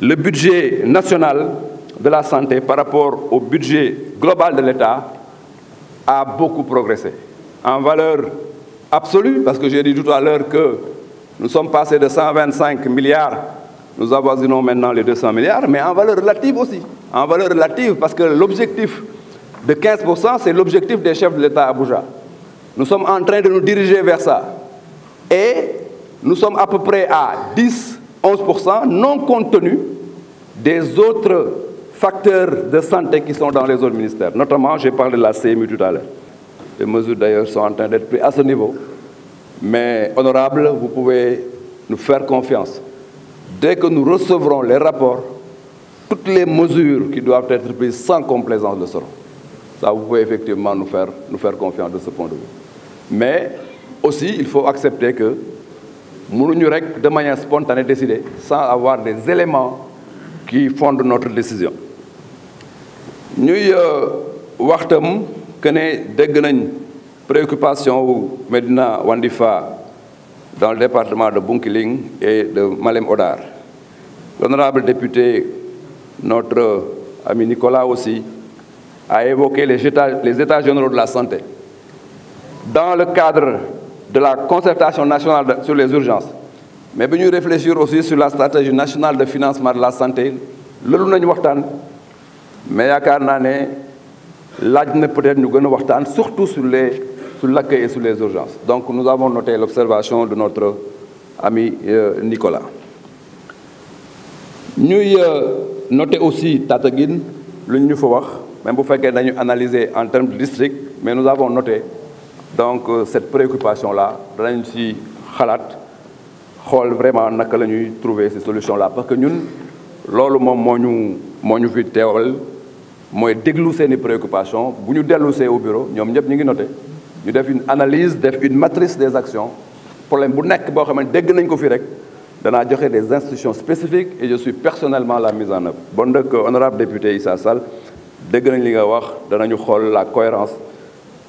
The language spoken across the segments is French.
le budget national de la santé par rapport au budget global de l'État a beaucoup progressé. En valeur absolue, parce que j'ai dit tout à l'heure que nous sommes passés de 125 milliards, nous avoisinons maintenant les 200 milliards, mais en valeur relative aussi. En valeur relative, parce que l'objectif de 15%, c'est l'objectif des chefs de l'État à Abuja. Nous sommes en train de nous diriger vers ça. Et nous sommes à peu près à 10 11% non compte des autres facteurs de santé qui sont dans les autres ministères. Notamment, j'ai parlé de la CMU tout à l'heure. Les mesures d'ailleurs sont en train d'être prises à ce niveau. Mais honorable, vous pouvez nous faire confiance. Dès que nous recevrons les rapports, toutes les mesures qui doivent être prises sans complaisance le seront. Ça, vous pouvez effectivement nous faire, nous faire confiance de ce point de vue. Mais aussi, il faut accepter que de manière spontanée décider sans avoir des éléments qui fondent notre décision Nous euh, waxtam que des préoccupations nañ Medina Wandifa dans le département de Bunkiling et de Malem Odar l'honorable député notre ami Nicolas aussi a évoqué les états les états généraux de la santé dans le cadre de la concertation nationale sur les urgences mais nous réfléchir aussi sur la stratégie nationale de financement de la santé Nous avons waxtaan mais nous avons ne que nous peut-être nous surtout sur les sur l'accueil et sur les urgences donc nous avons noté l'observation de notre ami euh, Nicolas avons euh, noté aussi Tataguine lu ñu même bu nous dañu analyser en termes de district mais nous avons noté donc euh, cette préoccupation là nous si xalaat xool vraiment naka trouver ces solutions là parce que nous, loolu nous avons vu moo ñu fi avons mooy nos préoccupations. i préoccupation bu au bureau nous avons ñu noté Nous avons une analyse une matrice des actions problème les nekk qui xam ne dégg nañ ko fi des institutions spécifiques et je suis personnellement à la mise en œuvre bon que honorable député Issa Sall dégg nañ li nga wax la cohérence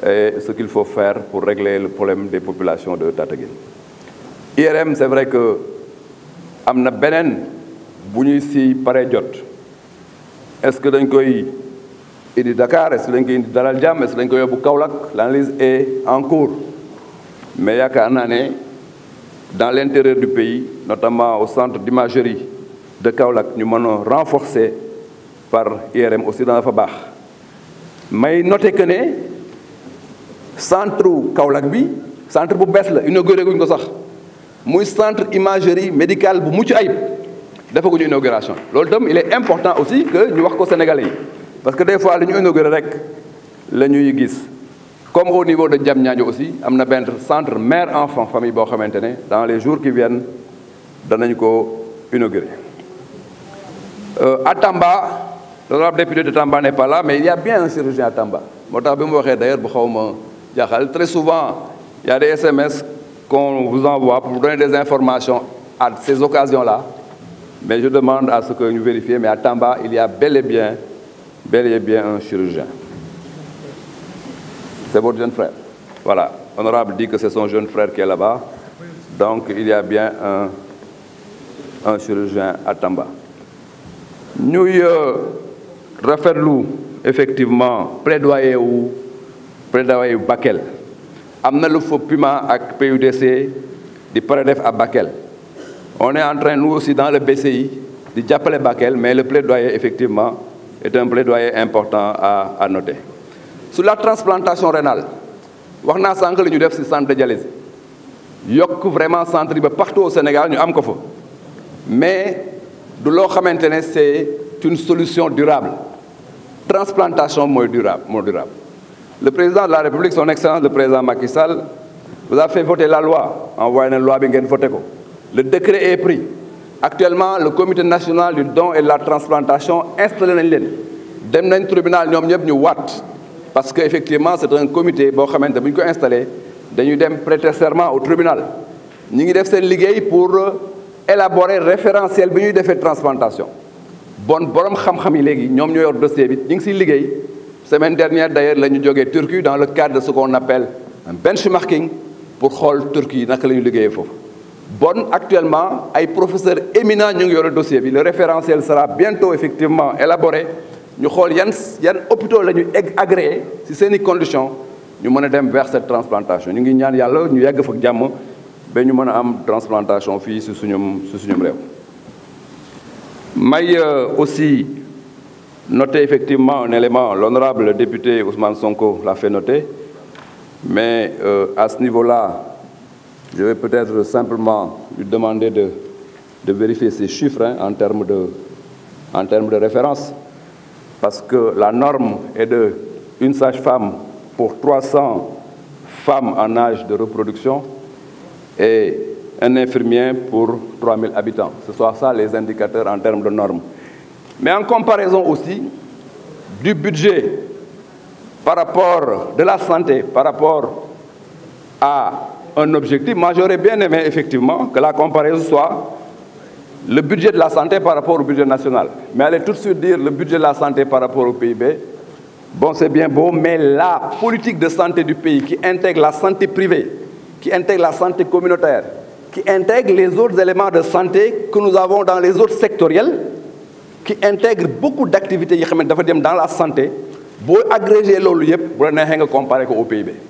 et ce qu'il faut faire pour régler le problème des populations de Tataguine IRM c'est vrai que Amna Benen, beneen si sont jot est-ce que dañ koy des Dakar est-ce que dañ est Dalal est-ce que koy l'analyse est en cours mais il y a qu'un année, dans l'intérieur du pays notamment au centre d'imagerie de Kaulak, nous avons renforcé par IRM aussi dans la fabach. Mais noter que centre Kaolack centre bu bees la inauguré guñ ko sax muy centre imagerie médicale bu mucc ayib dafa guñu inauguration lolou itam il est important aussi que ñu wax ko sénégalais parce que des fois li ñu inauguré rek la ñuy gis comme au niveau de Diamniadio aussi amna benn centre mère enfant famille bo xamantene dans les jours qui viennent danañ ko inauguré euh, à Tamba le député de Tamba n'est pas là mais il y a bien un chirurgien à Tamba moo tax d'ailleurs très souvent, il y a des SMS qu'on vous envoie pour vous donner des informations à ces occasions-là. Mais je demande à ce que nous vérifiez mais à Tamba, il y a bel et bien, bel et bien un chirurgien. C'est votre jeune frère. Voilà. Honorable dit que c'est son jeune frère qui est là-bas. Donc, il y a bien un, un chirurgien à Tamba. Nous, euh, Rafael effectivement, plaidoyer ou Prédawaye Bakel Il na a PUMA ak PUDC de pare à Bakel on est en train nous aussi dans le BCI de jàppale Bakel mais le plaidoyer effectivement est un plaidoyer important à à noter. sur la transplantation rénale on a sànq de ñu def centre de dialyse Il y a vraiment un centre partout au Sénégal ñu am ko mais du loo à maintenir c'est une solution durable transplantation durable durable. Le président de la République, son excellence, le président Macky Sall, vous a fait voter la loi, envoyé une loi bien votée. Le décret est pris. Actuellement, le comité national du don et de la transplantation installé dans dans le tribunal, nous avons wat. Parce qu'effectivement, c'est un comité, qui nous été installé, nous avons prêté serment au tribunal. Nous avons fait ligue pour euh, élaborer référentiel, nous pour transplantation. Bon, borom xam xam légui ñom ñoyor dossier bi semaine dernière d'ailleurs la avons jógee Turquie dans le cadre de ce qu'on appelle un benchmarking pour xool Turquie naka la ñu liggéeyee Bonne, bon actuellement ay professeurs éminents ñu ngi le dossier le référentiel sera bientôt effectivement élaboré ñu avons un hôpital hôpitaux agréé ci c'est i conditions ñu mën a vers cette transplantation Nous ngi ñaan yàlla ñu yegg fa jàmm ba ñu nous am transplantation fii ce suñum ci suñum euh, aussi Notez effectivement un élément, l'honorable député Ousmane Sonko l'a fait noter, mais euh, à ce niveau-là, je vais peut-être simplement lui demander de, vérifier ces chiffres hein, en, termes de, référence, parce que la norme est de une sage-femme pour 300 femmes en âge de reproduction et un infirmier pour 3000 habitants. Ce sont ça les indicateurs en termes de normes mais en comparaison aussi du budget par rapport de la santé, par rapport à un objectif. Moi, j'aurais bien aimé effectivement que la comparaison soit le budget de la santé par rapport au budget national. Mais aller tout de suite dire le budget de la santé par rapport au PIB, bon, c'est bien beau, mais la politique de santé du pays qui intègre la santé privée, qui intègre la santé communautaire, qui intègre les autres éléments de santé que nous avons dans les autres sectoriels, qui intègre beaucoup d' activités yi xam ne dafa dem dans la santé boo agrégé loolu yëpp bu la neexee nga comparé ko au bi